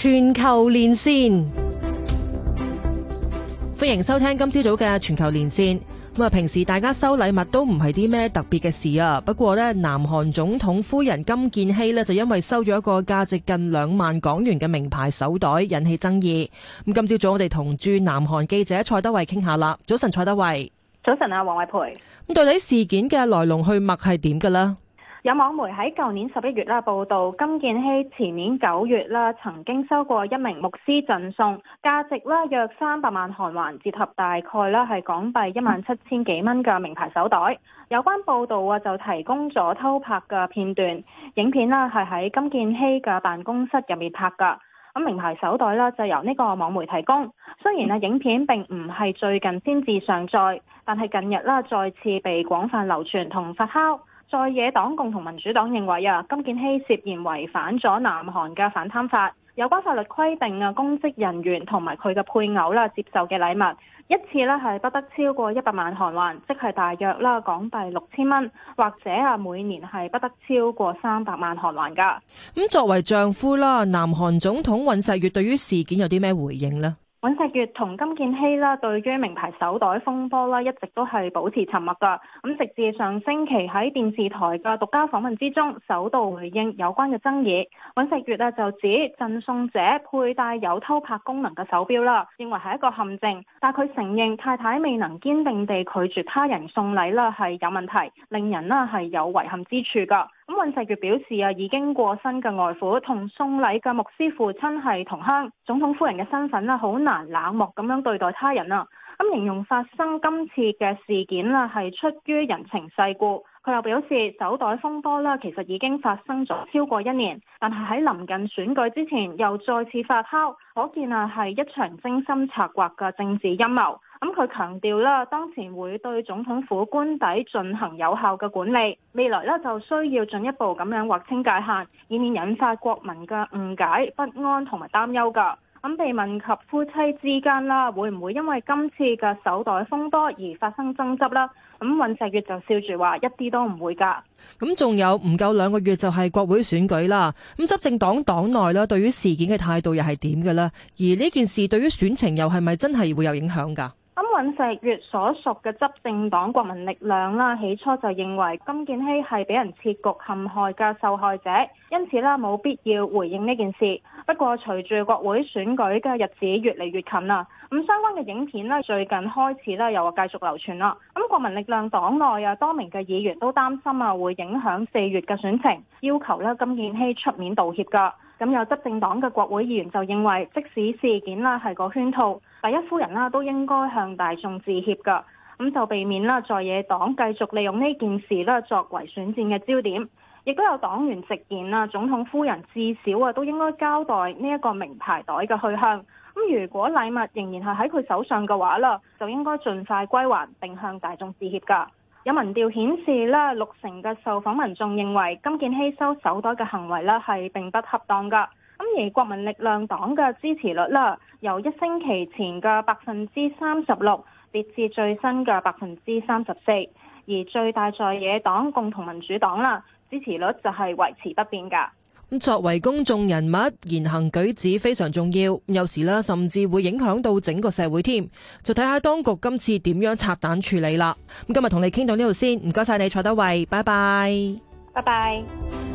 全球連線，歡迎收聽今朝早嘅全球連線。咁啊，平時大家收禮物都唔係啲咩特別嘅事啊。不過呢，南韓總統夫人金建熙呢，就因為收咗一個價值近兩萬港元嘅名牌手袋，引起爭議。咁今朝早我哋同駐南韓記者蔡德蕙傾下啦。早晨，蔡德蕙。早晨啊，王慧蓓。咁到底事件嘅來龍去脈係點噶啦？有網媒喺舊年十一月啦，報道金建熙前年九月啦，曾經收過一名牧師贈送，價值啦約三百萬韓圜，折合大概啦係港幣一萬七千幾蚊嘅名牌手袋。有關報導啊，就提供咗偷拍嘅片段，影片啦係喺金建熙嘅辦公室入面拍㗎。咁名牌手袋啦，就由呢個網媒提供。雖然啊，影片並唔係最近先至上載，但係近日啦，再次被廣泛流傳同發酵。在野黨共同民主黨認為啊，金建熙涉嫌違反咗南韓嘅反貪法。有關法律規定啊，公職人員同埋佢嘅配偶啦，接受嘅禮物一次咧係不得超過一百萬韓元，即係大約啦港幣六千蚊，或者啊每年係不得超過三百萬韓元噶。咁作為丈夫啦，南韓總統尹錫悅對於事件有啲咩回應呢？尹錫悅同金建熙啦，對於名牌手袋風波啦，一直都係保持沉默噶。咁直至上星期喺電視台嘅獨家訪問之中，首度回應有關嘅爭議。尹錫悅啊，就指贈送者佩戴有偷拍功能嘅手錶啦，認為係一個陷阱。但佢承認太太未能堅定地拒絕他人送禮啦，係有問題，令人呢係有遺憾之處噶。咁尹錫悅表示啊，已經過身嘅外父同送禮嘅牧師父親係同鄉，總統夫人嘅身份啦，好難冷漠咁樣對待他人啊，咁形容發生今次嘅事件啦，係出於人情世故。佢又表示，手袋風波啦，其實已經發生咗超過一年，但係喺臨近選舉之前又再次發酵，可見啊係一場精心策劃嘅政治陰謀。咁佢強調啦，當前會對總統府官邸進行有效嘅管理，未來咧就需要進一步咁樣劃清界限，以免引發國民嘅誤解、不安同埋擔憂噶。咁被問及夫妻之間啦，會唔會因為今次嘅手袋風波而發生爭執啦？咁尹錫悅就笑住話：一啲都唔會噶。咁仲有唔夠兩個月就係國會選舉啦，咁執政黨黨內啦對於事件嘅態度又係點嘅咧？而呢件事對於選情又係咪真係會有影響噶？咁尹錫悅所屬嘅執政黨國民力量啦，起初就認為金建熙係俾人設局陷害嘅受害者，因此啦冇必要回應呢件事。不過隨住國會選舉嘅日子越嚟越近啦，咁相關嘅影片咧最近開始咧又話繼續流傳啦。咁國民力量黨內啊多名嘅議員都擔心啊會影響四月嘅選情，要求咧金建熙出面道歉噶。咁有執政黨嘅國會議員就認為，即使事件啦係個圈套，第一夫人啦都應該向大眾致歉㗎。咁就避免啦在野黨繼續利用呢件事啦作為選戰嘅焦點。亦都有黨員直言啊，總統夫人至少啊都應該交代呢一個名牌袋嘅去向。咁如果禮物仍然係喺佢手上嘅話啦，就應該盡快歸還並向大眾致歉㗎。有民調顯示咧，六成嘅受訪民眾認為金建熙收手袋嘅行為咧係並不恰當噶。咁而國民力量黨嘅支持率啦，由一星期前嘅百分之三十六跌至最新嘅百分之三十四，而最大在野黨共同民主黨啦，支持率就係維持不變噶。作為公眾人物，言行舉止非常重要，有時甚至會影響到整個社會添，就睇下當局今次點樣拆彈處理啦。咁今日同你傾到呢度先，唔該晒你蔡德蕙，拜拜，拜拜。拜拜。